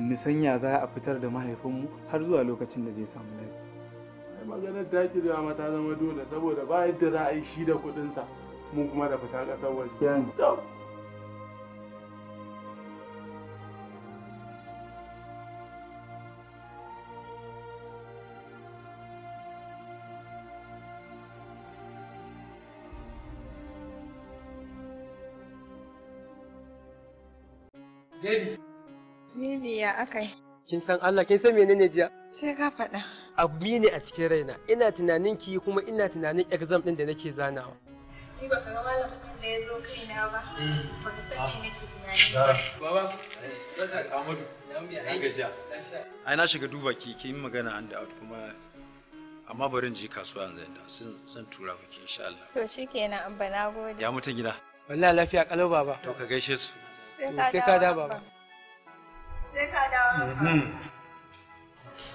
mu ya za a fitar da mahaifinmu har zuwa lokacin da zai samu lafiya. Ai maganar ta kirewa ma ta zama dole saboda ba yadda za a yi shi da kuɗinsa mun kuma da fita ƙasar waje. Baby, akai. Kin san Allah, kin san menene jiya? Sai ka faɗa. Abu ne a cikin raina. Ina tunanin ki kuma ina tunanin exam ɗin da nake zanawa. Ni ba ka ga malamin da ya zo kaina ba. Eh. Ba ka san me nake tunani. Ah. Baba, zaka ka mutu. Na gajiya. Ai na shiga duba ki, kin yi magana an da kuma amma bari in je kasuwa yanzu inda sun tura ki insha Allah. To shikenan abba na gode. Ya mutu gida. Wallahi lafiya kalau baba. To ka gaishe su. Sai ka da baba. Sai ka dawo. Mhm.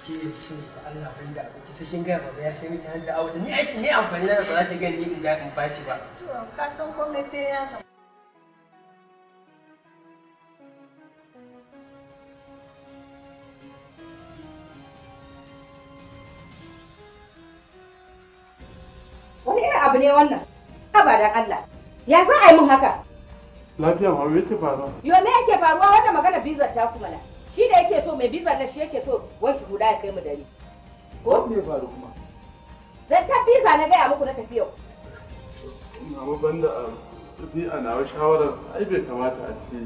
Ke sun ta Allah ban da abu kisa kin gaya baba ya sai miki hannu awo ni aiki ne amfani na ba za ta gani in ga in baki ba. To ka san komai sai ya ka. Wani irin abu ne wannan? Ba dan Allah. Ya za a yi min haka? Lafiya ma wai yake faruwa? Yo me yake faruwa wannan magana bizar ta kuma na. Shi da yake so mai bizar na shi yake so wanki guda ya kai mu dare. Ko me faru kuma? Zan ta biza na gaya muku na tafiya. Na ba banda a tafi a nawa shawarar ai bai kamata a ce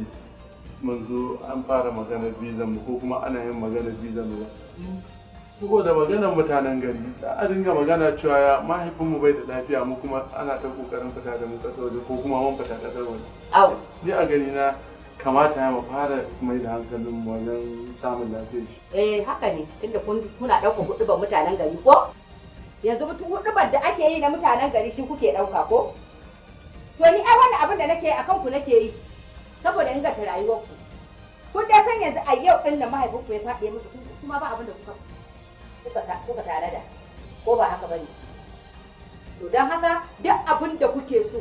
mun zo an fara magana bizan mu ko kuma ana yin magana bizan mu ba. Mm. saboda maganar mutanen gari da a dinga magana cewa ya mahaifinmu bai da lafiya mu kuma ana ta kokarin fita da mu kasar waje ko kuma mun fita kasar waje au ni a gani na kamata ya mu fara mai da hankalin mu wajen samun lafiyar shi eh haka ne tunda kun kuna ɗaukar hudubar mutanen gari ko yanzu mutum hudubar da ake yi na mutanen gari shi kuke ɗauka ko to ni ai wannan abin da nake yi akan ku nake yi saboda inganta rayuwarku kun dai san yanzu a yau ɗin da mahaifinku ya faɗi muku kuma ba abin da kuka kuka tare da ko ba haka bane to don haka duk abin da kuke so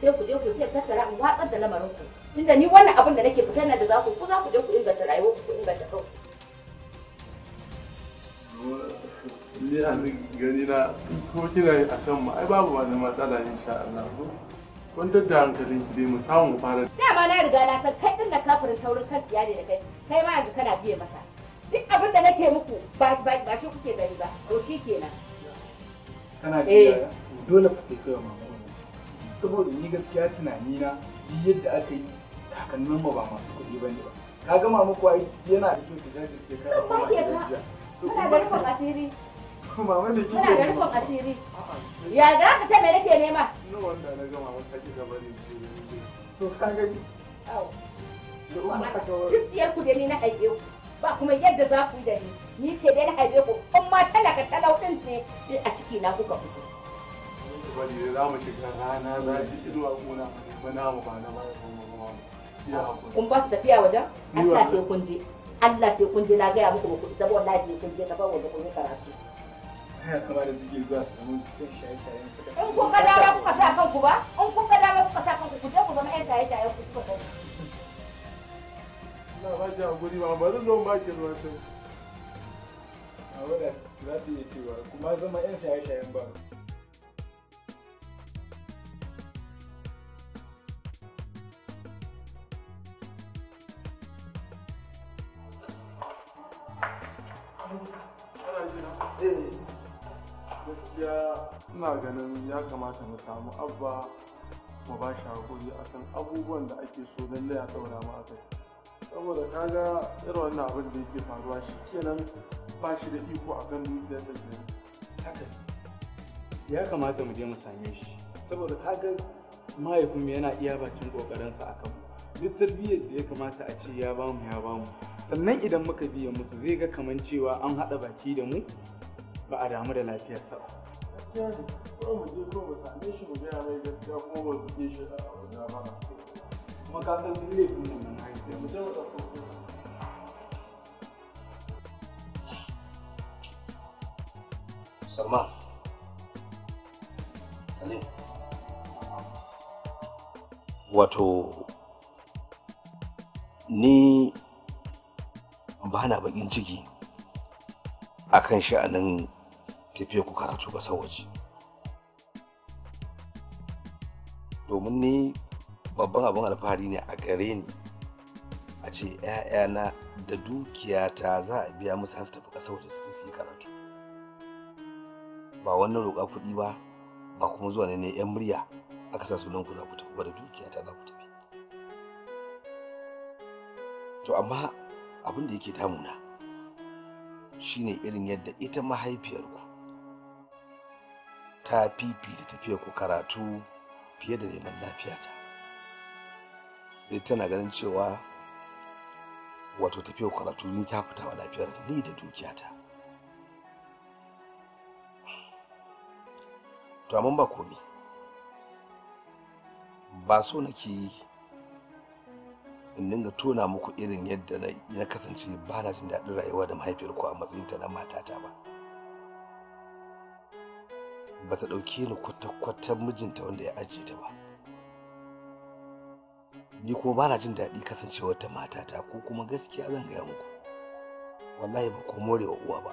sai ku je ku sai tattara in watsar da lamarin ku inda ni wannan abin da nake fitar da za ku ku za ku je ku inganta rayuwar ku inganta kanku ni a gani na ko kina a kan mu ai babu wani matsala insha Allah ko kun da hankalin ki dai mu samu mu fara dama na riga na san kai din na kafirin taurin kan tsiya ne da kai kai ma yanzu kana biye masa duk abin da nake muku ba ba shi kuke gani ba to shi kenan kana ji eh. dole ka sai kai mama saboda ni gaskiya tunani na yadda aka yi kakannin ba ba masu kuɗi bane ba ka gama muku ai yana da kyau ka jajirce ka ba ka gajiya kana da rufin asiri mama da kike kana da rufin asiri ya ga ka ce me nake nema ni wanda na gama maka ki gaba ne to ka gani au duk ku da ni na haife ku ba kuma yadda za ku yi da ni ni ce dai na haife ku in ma talaka talau din ne a ciki na kuka fito za mu shiga rana za ki inuwa kuna na ba kun ba su tafiya wajen Allah sai kun je Allah sai kun je na gaya muku ba ku isa ba wallahi kun je ka kun da zuwa su samu shaye-shayen su in ba in kuka sa ku je ku zama shaye-shayen ku na ba ki hakuri ba ba ki ruwa sai a wadda za su iya cewa kuma zama yan shaye-shayen ba gaskiya ina ganin ya kamata mu samu abba mu ba shi hakuri akan abubuwan da ake so don laya tsaura ma a kai saboda kaga irin wannan abin da yake faruwa shi kenan ba shi da iko a kan da ke haka ya kamata mu je mu same shi saboda kaga mahaifinmu yana iya bakin kokarinsa a kanmu duk tarbiyyar da ya kamata a ce ya bamu ya bamu sannan idan muka biya musu zai ga kaman cewa an haɗa baki da mu ba a damu da lafiyarsa ba. Gaskiya ne, kuma mu je kuma mu same shi mu gaya mai gaskiya kuma mu buge shi da Salim wato ni ba na bakin ciki akan sha'anin tafiye ku karatu ƙasar waje domin ni babban abin alfahari ne a gare ni a ce na da dukiyata za a biya musu hasu fi tafi ƙasar suke su yi karatu ba wannan roƙa kuɗi ba ba kuma zuwa ne ne 'yan murya aka sa sunan ku za ku tafi ba da dukiyata za ku tafi to amma abin da yake damuna shine irin yadda ita mahaifiyarku ta fifita tafiya ku karatu fiye da neman lafiyata Eh, tana ganin cewa wato tafiya karatu ni ta fita wa lafiyar ni da dukiyata to amma ba komi ba so nake in dinga tona muku irin yadda na kasance ba na jin daɗin rayuwa da mahaifiyarku a matsayin ta na matata ba ba ta ɗauke ni kwata-kwata mijinta wanda ya ajiye ta ba ni ko ba na jin daɗi kasancewar ta matata ko kuma gaskiya zan gaya muku wallahi ba ku more wa uwa ba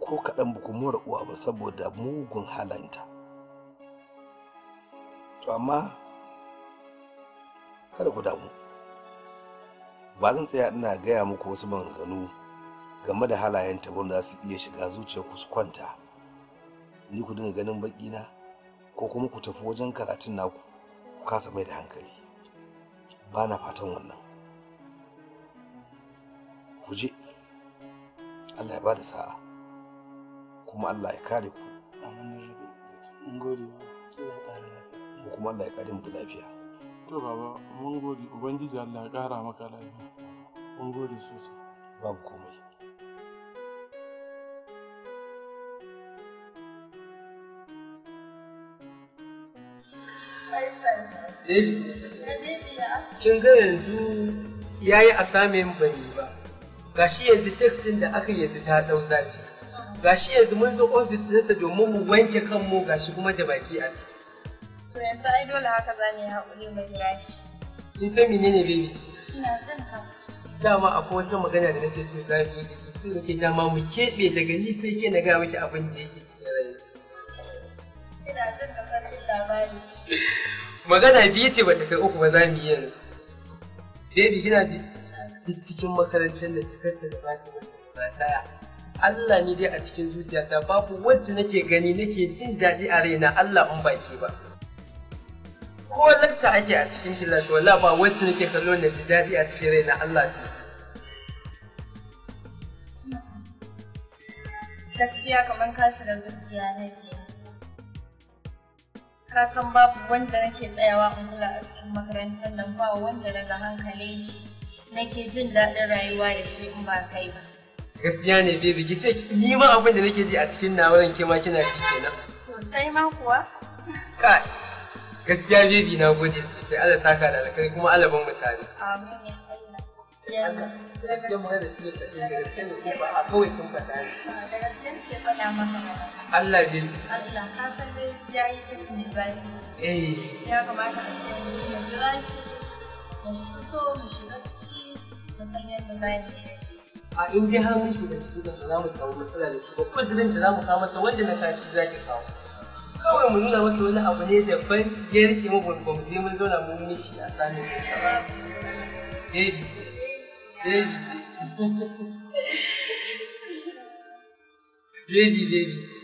ko kaɗan ba ku more uwa ba saboda mugun halayenta to amma kada ku damu ba zan tsaya ina gaya muku wasu maganganu game da halayenta wanda za su iya shiga zuciyar su kwanta ni ku dinga ganin baƙina ko kuma ku tafi wajen karatun naku ku kasa mai da hankali ba na fatan wannan ku je allah ya ba da sa'a kuma allah ya kare ku ko kuma allah ya kare mu da lafiya to baba mun gode ubangiji allah ya kara maka lafiya mun gode sosai babu komai Eh? Kin ga yanzu ya yi a samun bai ba? ba. shi yanzu text ɗin da aka yanzu ta ɗau zafi. shi yanzu mun zo ofis ɗinsa domin mu wanke kanmu shi kuma da baki a ciki. To yanzu ai dole haka za mu yi haƙuri mai jira Kin san menene bebe Ina jin haka. Dama akwai wata magana da nake so za mu da ke so nake dama mu keɓe daga ni sai ke na ga miki abin da yake cikin rai. Ina jin da sanin labari. magana biyu ce bata kai uku ba za mu yi yanzu baby kina ji duk cikin makarantar da cikar ta da ba ta ba ta Allah ni dai a cikin zuciyata babu wacce nake gani nake jin daɗi a raina Allah in baki ba ko lakta ake a cikin kilas wala ba wacce nake kallo na ji daɗi a cikin raina Allah sai gaskiya kamar ka shiga zuciya na ke kasan babu wanda nake tsayawa in kula a cikin makarantar nan ba wanda daga hankali shi nake jin daɗin rayuwa da shi in ba kai ba. Gaskiya ne bai bigi ce ni ma abin da nake ji a cikin na zan ke ma kina ji kenan. Sosai ma kuwa. Kai gaskiya baby na gode sosai Allah saka da alkhairi kuma Allah ban mutane. Amin. Allah ne. Allah ka san dai ya yi tafi zaki. Eh. Ya kamata a ce mu ya jira shi mu fito mu shiga ciki mu san yadda za mu yi a in dai har mun shiga ciki da za mu samu matsala da shi babban jirin da za mu kawo masa wanda na kashi za ki kawo kawai mu nuna masa wani abu ne daban ya rike mu ba mu je mun zauna mun yi shi a tsamin ba. Eh. Baby. baby, baby.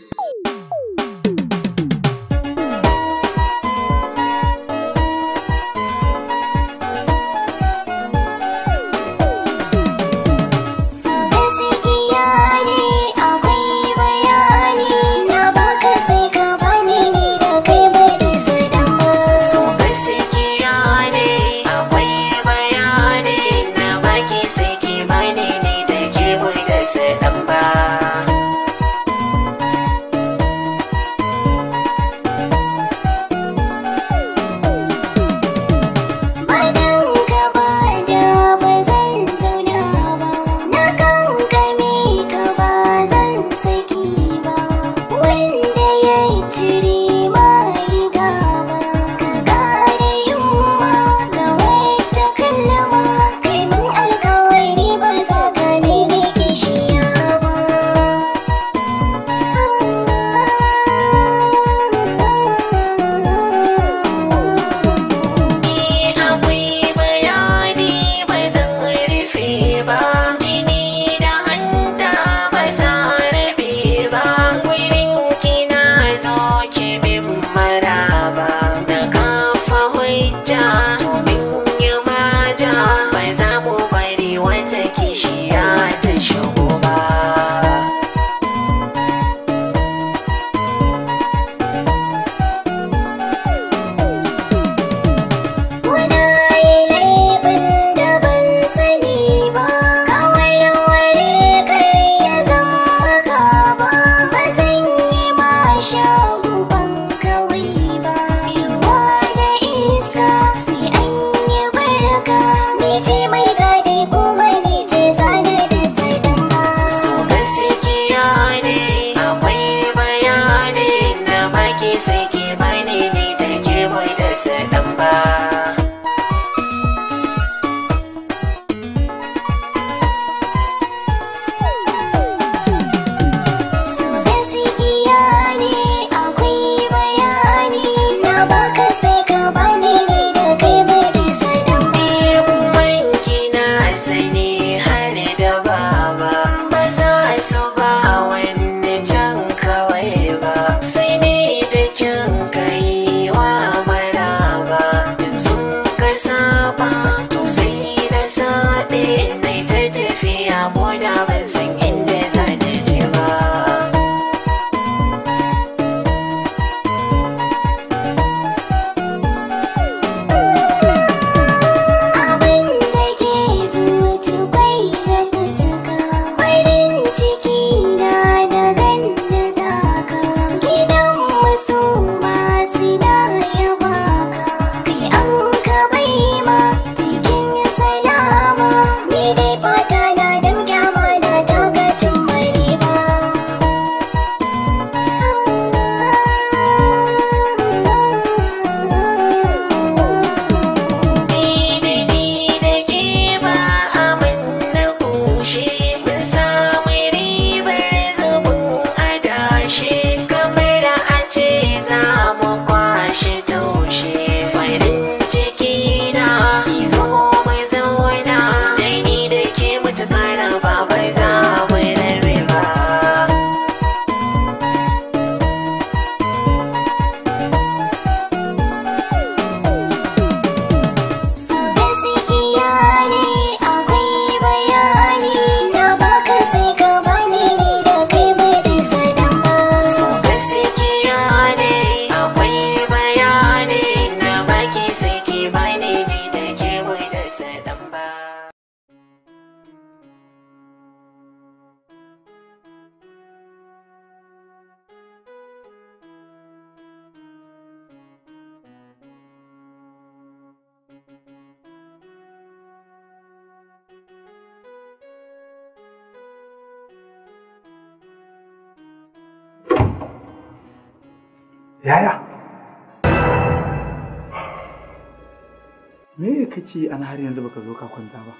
ce ana har yanzu baka zo ka kwanta ba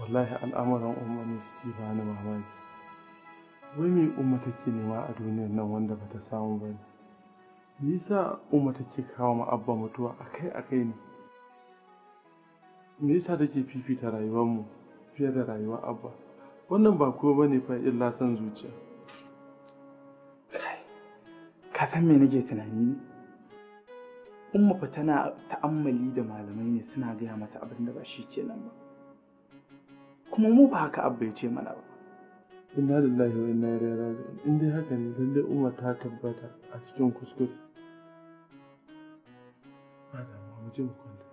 wallahi al'amuran umma ne suke ba ni mamaki wai me umma take nema a duniyar nan wanda bata samu ba ne me yasa umma take kawo ma abba mutuwa akai akai ne me yasa take fifita rayuwar mu fiye da rayuwar abba wannan ba ko bane fa illa san zuciya ka san me nake tunani ne umma fa tana ta'ammali da malamai ne suna gaya mata abin da ba shi ke nan ba kuma mu ba haka abba ya ce mana ba inna lillahi wa inna ilaihi raji'un in dai haka ne lalle umma ta tabbata a cikin kuskure ba da mu ji mu kwanta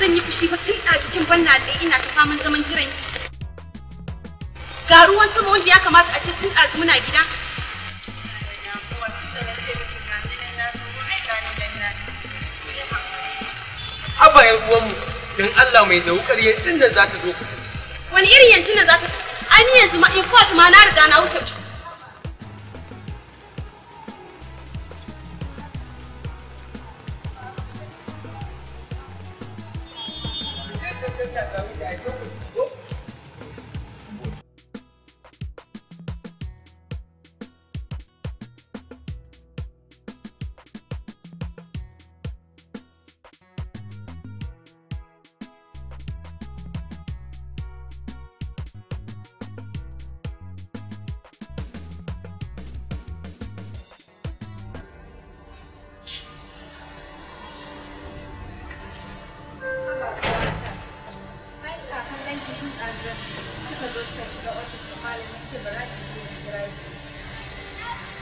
zan yi fushi ba tun a cikin na tsaye ina ta faman zaman jiran ga ruwan sama wanda ya kamata a ce tun a muna gida Abba ruwan mu don Allah mai da wukar yanzu nan za ta zo ku. Wani irin yanzu ne za ta Ai ni yanzu ma in kwat ma na riga na wuce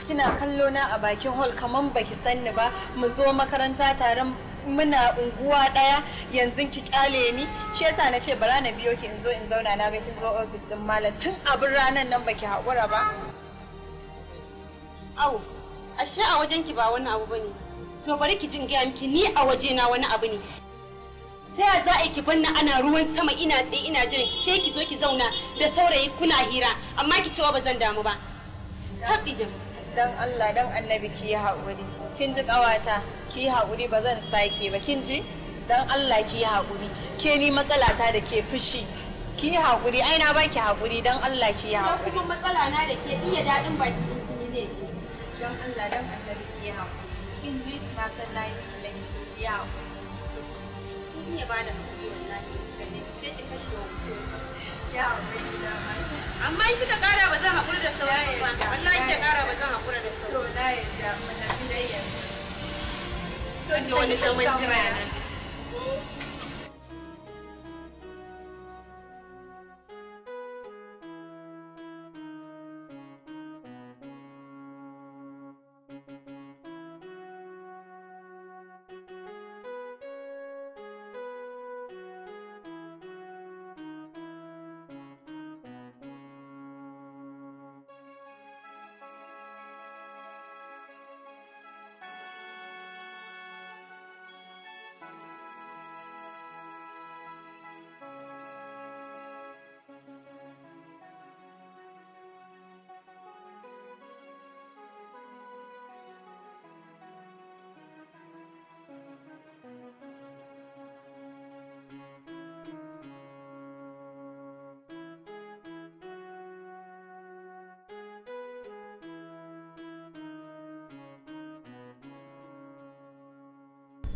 kina kallo na a bakin hall kaman baki sanni ba mu zo makaranta tare muna unguwa daya yanzu ki kyale ni shi yasa na ce bara na biyo ki in zo in zauna na ga kin zo office din mallam tun abin ranan nan baki hakura ba au ashe a wajen ki ba wani abu bane to bari ki jin gaya miki ni a waje na wani abu ne ta ya za a yi ki banna ana ruwan sama ina tsaye ina jiran ki ke ki zo ki zauna da saurayi kuna hira amma ki cewa ba zan damu ba Happy jama'a dan Allah dan annabi ki yi haƙuri kin ji ƙawata ki yi haƙuri ba zan sake ba kin ji dan Allah ki yi haƙuri ke ni matsala ta da ke fushi ki yi haƙuri ai na baki haƙuri dan Allah ki yi haƙuri kuma matsala na da ke iya daɗin baki in kin ne dan Allah dan annabi ki yi haƙuri kin ji na san na yi ki yi haƙuri iya ba da haƙuri wallahi ganin sai ki kashe wa ya haƙuri da ba amma in kika ƙara ba zan haƙura da sauran ba wallahi kika ƙara ba zan haƙura da sauran to na yarda mun tafi yanzu to ni wani zaman jira nan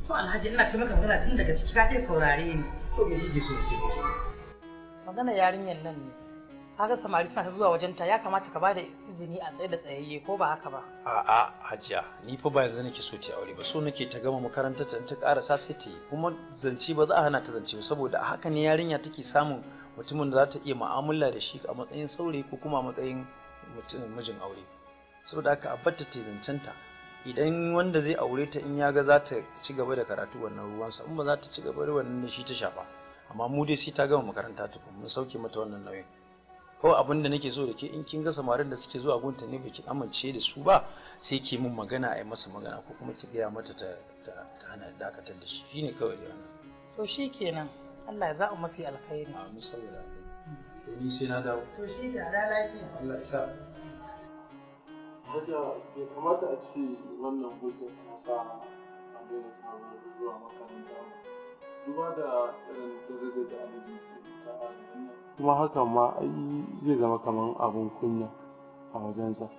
To Alhaji ina kai magana tun daga ciki ka saurare ni. To me Magana yarinyar nan ne. Kaga samari suna ta zuwa wajenta ya kamata ka bada izini a tsaye da tsayayye ko ba haka ba. A'a Hajiya ni fa ba yanzu nake so ta aure ba so nake ta gama makarantar ta ta karasa sai ta yi kuma zance ba za a hana ta zance ba saboda a haka ne yarinya take samun mutumin da za ta iya mu'amala da shi a matsayin saurayi ko kuma a matsayin mutumin mijin aure. Saboda haka a batta ta zancen ta idan wanda zai aure ta in ya ga za ta ci gaba da karatu wannan ruwansa in ba za ta ci gaba da wannan da shi ta shafa amma mu dai sai ta gama makaranta ta mun sauke mata wannan nauyin ko abin da nake so da ke in kin ga samarin da suke zuwa gunta ne baki amince da su ba sai ki mun magana a yi masa magana ko kuma ki gaya mata ta ta hana dakatar da shi shine kawai da wannan to kenan Allah ya za'a mafi alkhairi amin to ni sai na dawo to shi da lafiya Allah ya sa Hajiya ya kamata a ce wannan hutun ta sa an daina tabar zuwa makaranta duba da irin darajar da alaji ke ta wannan. kuma hakan ma ai zai zama kamar abun kunya a wajensa.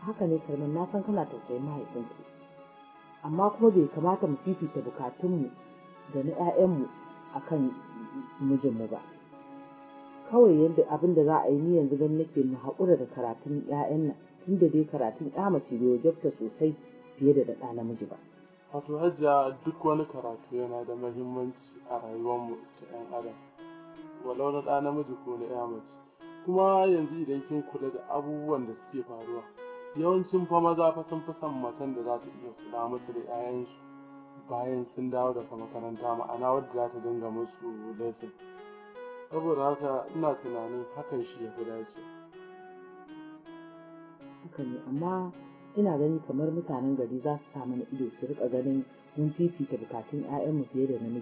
Haka ne Salman na san kana tausayin mahaifinka amma kuma bai kamata mu fifita bukatunmu da na 'ya'yanmu a kan mijinmu ba. Kawai yadda abin da za a yi ni yanzu gani nake mu haƙura da karatun 'ya'yan nan. tun da dai karatun ɗa mace bai wajabta sosai fiye da ɗa namiji ba. Wato hajiya duk wani karatu yana da mahimmanci a rayuwarmu ta 'yan adam, walau na ɗa namiji ko na 'ya mace. Kuma yanzu idan kin kula da abubuwan da suke faruwa, yawancin fa maza fa sun fi son macen da za ta iya kula masa da 'ya'yansu bayan sun dawo daga makaranta ma'ana wadda za ta dinga musu lesson. Saboda haka ina tunanin hakan shi ya fi dacewa. amma ina gani kamar mutanen gari za su samu na ido su rika ganin mun fifita bukatun 'ya'yanmu fiye da mu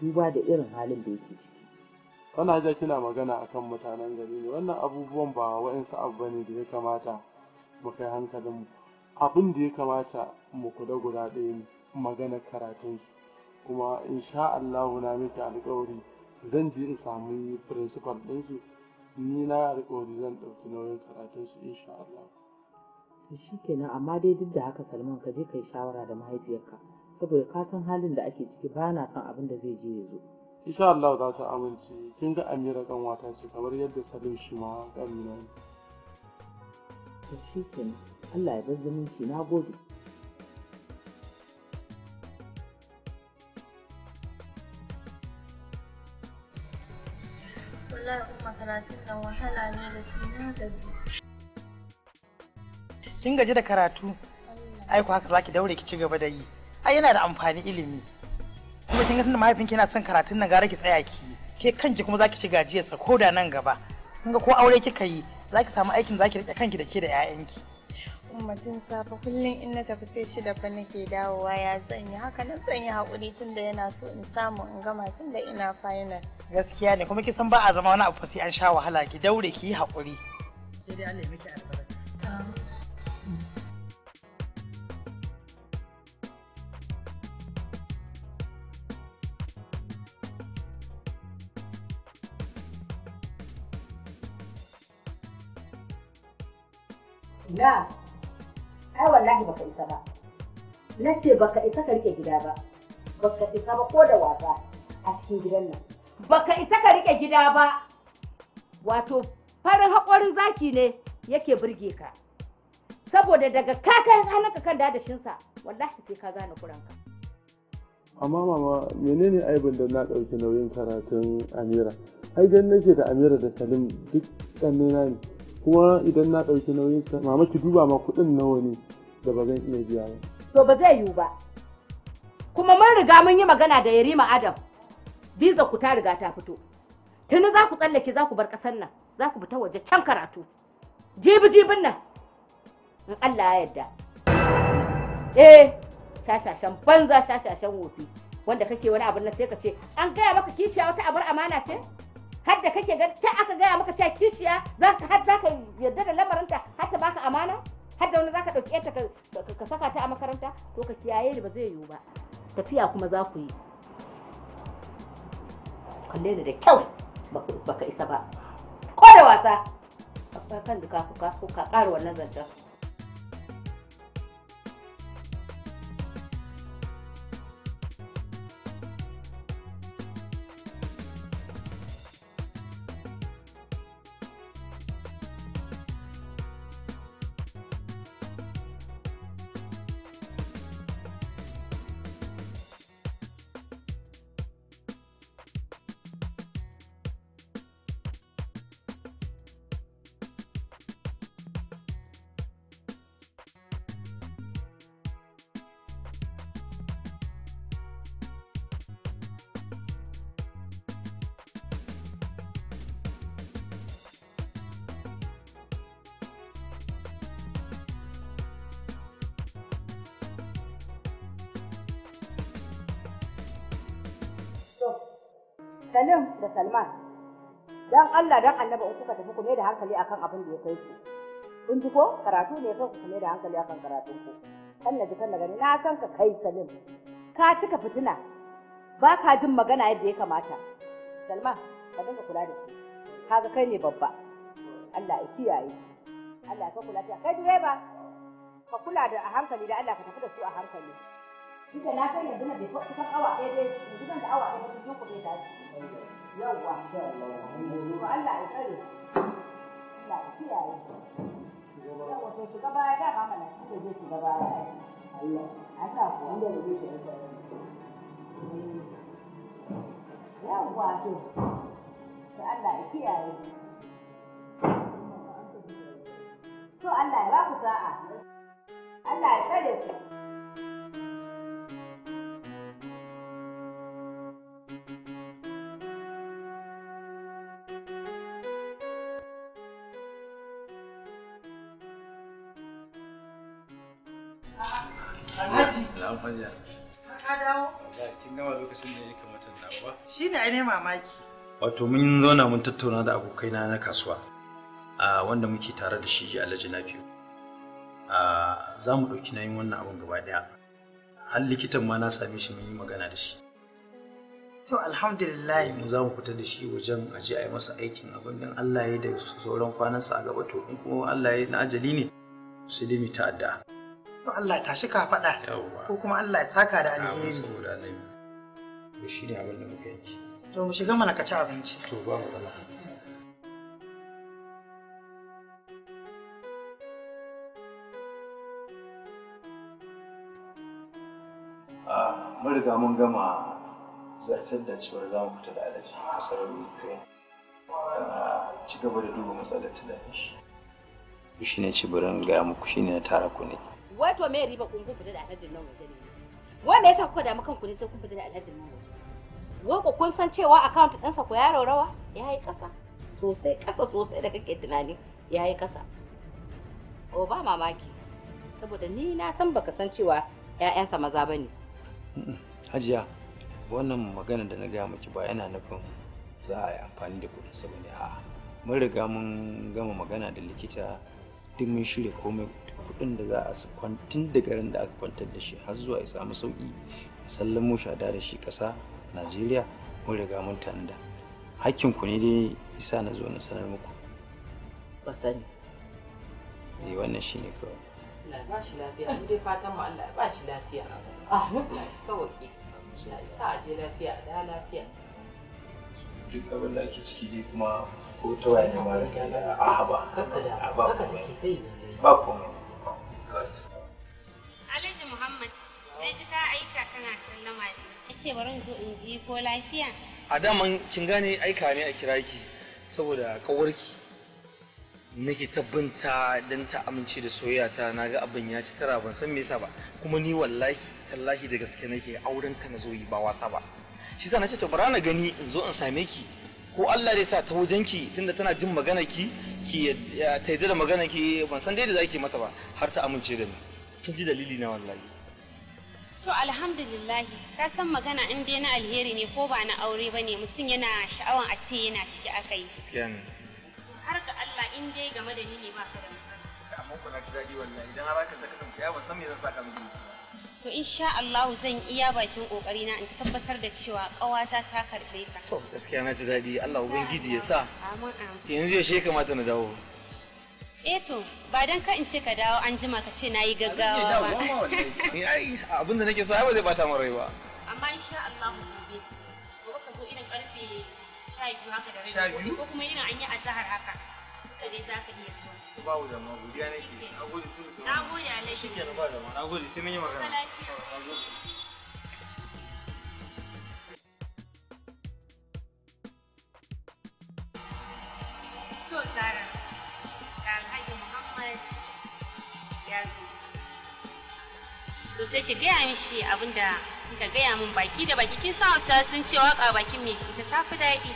duba da irin halin da yake ciki kana ja kina magana akan mutanen gari ne wannan abubuwan ba wa'insu abu ne da ya kamata mu kai hankalinmu abin da ya kamata mu kula guda ɗaya ne maganar karatunsu kuma insha Allahu na miki alƙawari zan je in samu principal ɗinsu ni na alƙawari zan ɗauki nauyin karatunsu insha Allah shi kenan amma dai duk da haka salman ka je ka yi shawara da mahaifiyarka saboda ka san halin da ake ciki ba na son abin da zai je ya zo insha Allah za ta amince kin ga Amira wata ce kamar yadda Salim shi ma ne to shi kenan Allah ya bar zumunci na gode wallahi kuma karatun nan wahala ne da shi na gaji kin gaji da karatu ai ku haka ki daure ki ci gaba da yi ai yana da amfani ilimi kuma kin ga tunda mahaifinki yana son karatun nan gara ki tsaya ki ke kanki kuma za ki ci gajiyarsa ko da nan gaba kin ga ko aure kika yi za ki samu aikin za ki rike kanki da ke da 'ya'yanki umatin safe kullum in na tafi sai shida fa nake dawowa ya zanyi haka nan zanyi haƙuri tunda yana so in samu in gama tunda ina final gaskiya ne kuma kisan ba a zama wani abu sai an sha wahala ki daure ki yi haƙuri sai dai Allah ya miki albarka Na, ai wallahi baka isa ba. Na ce baka isa ka rike gida ba. Baka isa ba ko da wasa a cikin gidan nan. Baka isa ka rike gida ba. Wato farin haƙorin zaki ne yake burge ka. saboda daga ka kai hannunka kan shinsa, wallahi sai ka gane kuranka amma mama menene aibin da na ɗauki nauyin karatun amira ai gan nake da amira da salim duk nuna ne kuma idan na ɗauki nauyin sa mama ki duba ma kuɗin nawa ne da ba zan iya biya ba to ba zai yiwu ba kuma mun riga mun yi magana da yarima adam biza ku ta riga ta fito tuni za ku tsallake za ku bar ƙasar nan za ku fita waje can karatu jibi jibin nan in Allah ya yarda eh shashashan banza shashashan wofi wanda kake wani abin na sai ka ce an gaya maka kishiya wata abar amana ce har da kake ga ta aka gaya maka cewa kishiya za ka har za ka yarda da lamarinta har ta baka amana har da wani za ka ɗauki yarta ka saka ta a makaranta ko ka kiyaye ba zai yiwu ba tafiya kuma za ku yi kalle ni da kyau baka isa ba ko da wasa kan da ka so ka ƙara wannan zancen Salim da Salman, don Allah don annaba in kuka tafi ku da hankali akan abin da ya kai ku. Kun ji ko karatu ne kai ku da hankali akan karatun ku. Kan na ji kan na gani na san ka kai Salim. Ka cika fitina. Ba ka jin magana yadda ya kamata. Salman, ka dinga kula da shi. Kaga kai ne babba. Allah ya kiyaye. Allah ya kai kula kai direba. Ka kula da a hankali da Allah ka tafi da su a hankali. Ita na san yanzu na bai kusan awa ɗaya dai yanzu zan da awa ɗaya ba sun kuɗe da shi yawwa to Allah ya tsare Allah ya kiyaye yawwa to shiga baya da ba mana shi zai shiga baya Allah Allah ko wanda zai shiga baya yawwa to to Allah ya kiyaye to Allah ya ba ku sa'a Allah ya tsare ku Alhaji. Lafaja. Wato mun zauna mun tattauna da abokaina na kasuwa. wanda muke tare da shi Alhaji Nafiu. A za mu ɗauki nayin wannan abin gaba ɗaya. Har likitan ma na same shi mun yi magana da shi. To alhamdulillah. Mu za mu fita da shi wajen ajiye a yi masa aikin abin din Allah ya da sauran kwanansa a gaba to in kuma Allah ya na ajali ne sai dai ta'adda. to Allah ya tashi ka faɗa ko kuma Allah ya saka da alheri saboda annabi to shi ne abin da muka yanki to mu shiga mana ka ci abinci to ba mu ah, mun riga mun gama zartar da cewar za mu fita da alaji kasar ukraine ah, ci gaba da duba matsalar tunanin shi shi ne burin gaya muku shi ne na tara ku ne Wato mai me riba kun kun fita da alhajin nan waje ne wai me yasa kuka damu kanku ne sai kun fita da alhajin nan waje wai kun san cewa account ɗinsa ku ya rawa? ya yi ƙasa sosai ƙasa sosai da kake tunani ya yi ƙasa o ba mamaki saboda ni na san baka san cewa ƴaƴansa maza bane hajiya wannan magana da na gaya miki ba yana nufin za a yi amfani da kuɗin sa bane a'a mun riga mun gama magana da likita duk mun shirya komai kuɗin da za a kwantin da garin da aka kwantar da shi har zuwa ya samu sauƙi a sallamo shi a da shi ƙasa najeriya mun riga mun tanada hakkin ku ne dai isa na zo na sanar muku ba sani eh wannan shine kawai Allah ba shi lafiya mu dai fatan mu Allah ba shi lafiya ah sauƙi ya isa a je lafiya da lafiya duk abin da ake ciki dai kuma ko ta waya ne ma rinka a haba a ba kuma. ba komai Alhaji Muhammad, sai ta aika kana sallama ne. Ya ce bari zo in ji ko lafiya. A daman kin gane aika ne a kira ki saboda kawarki nake tabbinta don ta amince da soyayya ta naga abin ya ci tara ban san me yasa ba kuma ni wallahi tallahi da gaske nake auren ta na zo yi ba wasa ba shi sa na ce to bara na gani in zo in same ki ko Allah zai sa ta wajenki tunda tana jin magana ki ki ta da magana ki ban san dai da zaki mata ba har ta amince da ni kin ji dalili na wallahi to alhamdulillah ka san magana in dai na alheri ne ko ba na aure bane mutum yana sha'awan a ce yana ciki akai gaskiya ne har ga Allah in dai game da ni ne ba ka da amma na ci daɗi wallahi idan har ka kasance ya ban san me zan saka miki to insha Allahu zan iya bakin kokari na in tabbatar da cewa kawata ta karbe ka to gaskiya na ji daɗi Allah ubangiji ya sa amin yanzu ya she kamata na dawo eh to ba dan ka in ce ka dawo an jima ka ce nayi gaggawa ba ni ai abin da nake so ai ba zai bata min rai ba amma insha Allahu gobe gobe ka zo irin karfe 12 haka da rai ko kuma irin an yi azhar haka duka dai zaka iya babu da ma godiya nake na gode sun su na gode alai shi ke ba da ma na gode sai mun yi magana to tsara ga alhaji muhammad ya zo so ki gaya mishi abinda kika gaya min baki da baki kin sa hausa sun ce waka bakin mai shi ta tafi daɗi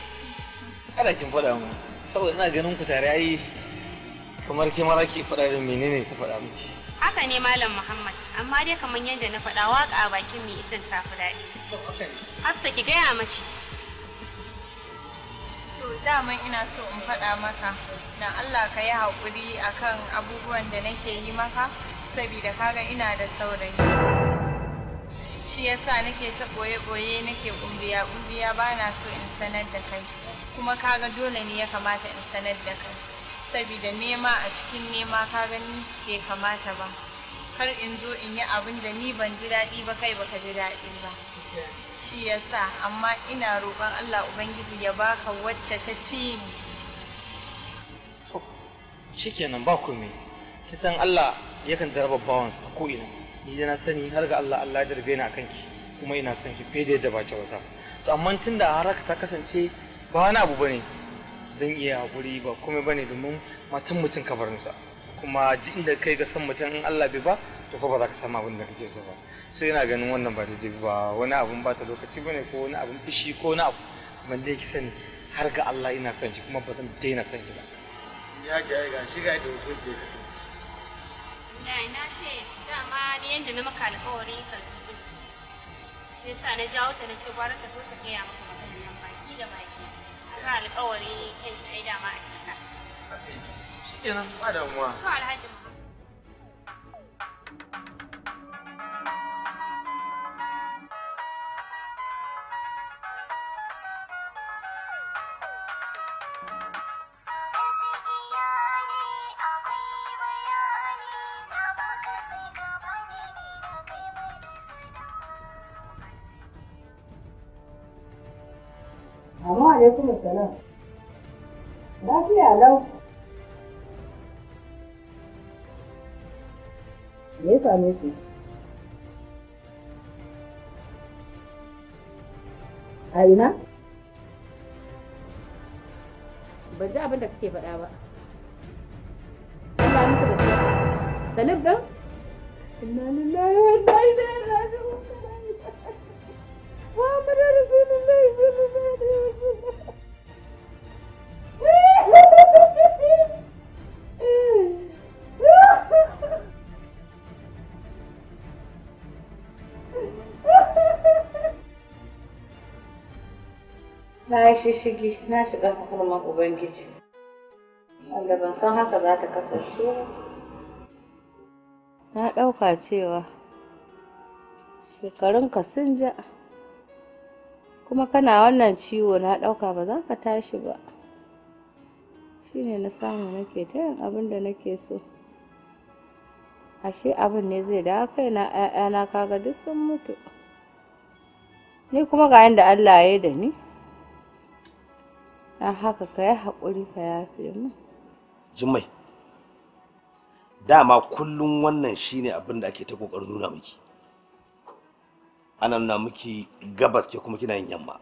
kada kin faɗa mu saboda ina ganin ku tare ai kamar ke mara ke faɗa da menene ta faɗa miki haka ne malam muhammad amma dai kamar yadda na faɗa waƙa a bakin mai isan tafi daɗi hafsa ki gaya mace to dama ina so in faɗa maka na allah ka yi haƙuri akan abubuwan da nake yi maka saboda kaga ina da saurayi shi yasa nake ta ɓoye-ɓoye nake ƙungiya ƙungiya ba na so in sanar da kai kuma kaga dole ne ya kamata in sanar da kai sabida nema a cikin nema ka gani ke kamata ba kar in zo in yi abin da ni ban ji daɗi ba kai baka ji daɗi ba shi ya sa, amma ina roƙon Allah Ubangiji ya baka wacce ta fi ni to kenan ba komai kisan Allah yakan jaraba bawansa ta ko'ina ni da na sani har ga Allah Allah ya jarbe ni akan ki kuma ina son ki fede da yadda wata to amma tunda har ta kasance ba wani abu bane zan iya haƙuri ba komai ba ne domin matan mutum kabarinsa kuma duk inda kai ga san mutum in Allah bai ba to ko ba za ka samu abin da kake so ba sai yana ganin wannan ba daidai ba wani abun ba ta lokaci bane ko wani abun fishi ko wani abu ban dai ki sani har ga Allah ina son shi kuma ba zan daina son ki ba ya ji ai ga shi ga da mutunci ya kasance na na ce dama ni yanda na maka alƙawari ka shi yasa na jawo ta na ce gwara ka zo ta gaya maka maganar nan baki da baki na alƙawari kai shi ai dama a cika. Shi alaikum salam. Lafiya lau. Me ya same su? A ina? Ban ji abin da kake faɗa ba. Allah musu Salim ɗin? Inna lillahi wa inna ilaihi raji'un. shishigi na shiga hukumar ubangiji wanda ban san haka za ta kasance ba na ɗauka cewa shekarunka sun ja kuma kana wannan ciwo na ɗauka ba za ka tashi ba Shi ne na samu nake ta yin abin da nake so ashe abin ne zai da kai na ƴaƴana kaga duk sun mutu ni kuma ga da Allah ya yi da ni don haka ka yi haƙuri ka yafe mu jimai dama kullum wannan shine abin da ake ta kokarin nuna miki ana nuna miki gabas ke kuma kina yin yamma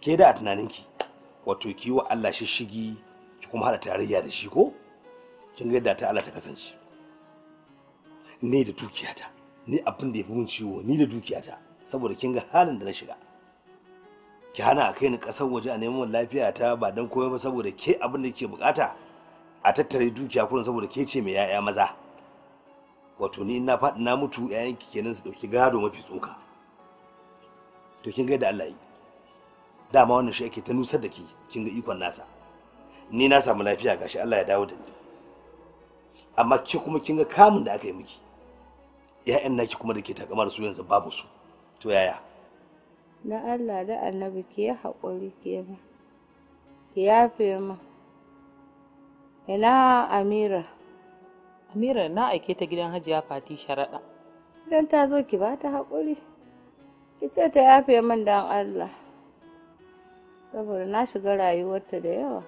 ke da a tunaninki wato ki wa Allah shishigi ki kuma hada tarayya da shi ko kin ga yadda ta Allah ta kasance ni da dukiyata ni abin da ya fi mun ciwo ni da dukiyata saboda kin ga halin da na shiga ki hana a kai ni ƙasar waje a neman lafiya ta ba don koyo ba saboda ke abin da ke bukata a tattare dukiya kurin saboda ke ce mai ya'ya maza wato ni na faɗi na mutu 'ya'yanki ki kenan su ɗauki gado mafi tsoka to kin ga da Allah yi dama wannan shi ake ta nusar da ki kin ga ikon nasa ni na samu lafiya gashi Allah ya dawo da ni amma ki kuma kin ga kamun da aka yi miki ya'yan naki kuma da ke takama da su yanzu babu su to yaya don Allah da annabi ki yi haƙuri ki ma ki yafe min. ina amira amira na aike ta gidan hajiya fati sharaɗa idan ta zo ki ba ta haƙuri ki ce ta yafe min don Allah saboda na shiga rayuwarta da yawa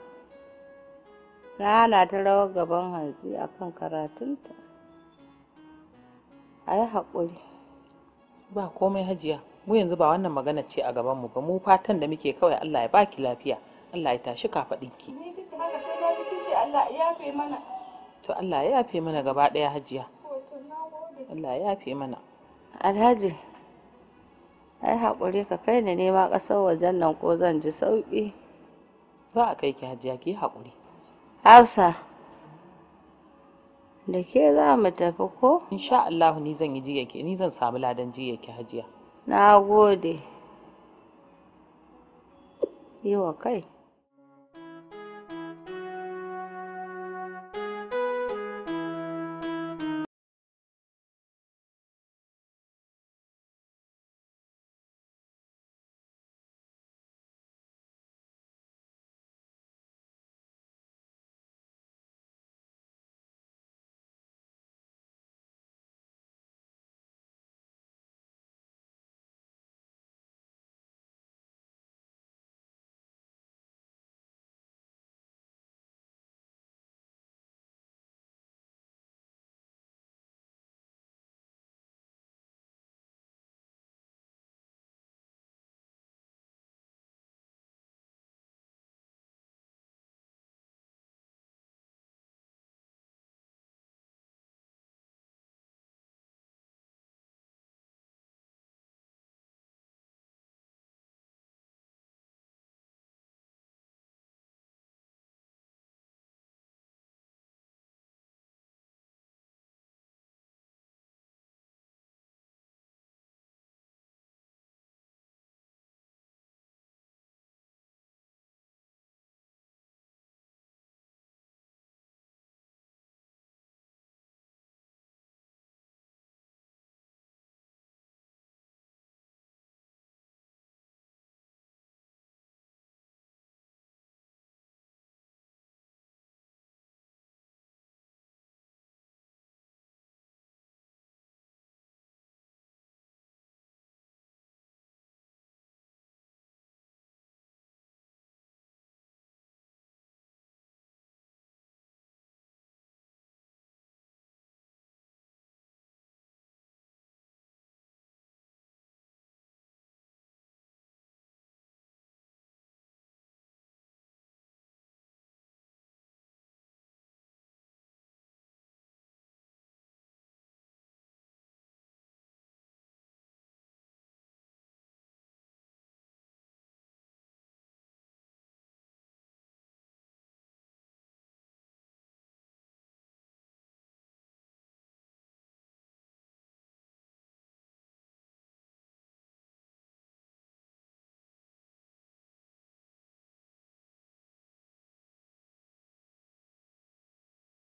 na hana ta rawar gaban hanzi a kan karatunta a yi haƙuri ba komai hajiya mu yanzu ba wannan magana ce a gaban mu ba mu fatan da muke kawai Allah ya baki lafiya Allah ya tashi ka ni duk haka sai ce Allah yafe mana to Allah ya yafe mana gaba daya hajiya Allah ya yafe mana Alhaji ai haƙuri ka kai ni nema ƙasar wajen nan ko zan ji sauƙi za a kai ki hajiya ki haƙuri Hausa da ke za mu tafi ko insha Allah ni zan yi jiyake ni zan samu ladan jiyake hajiya na gode yi wa kai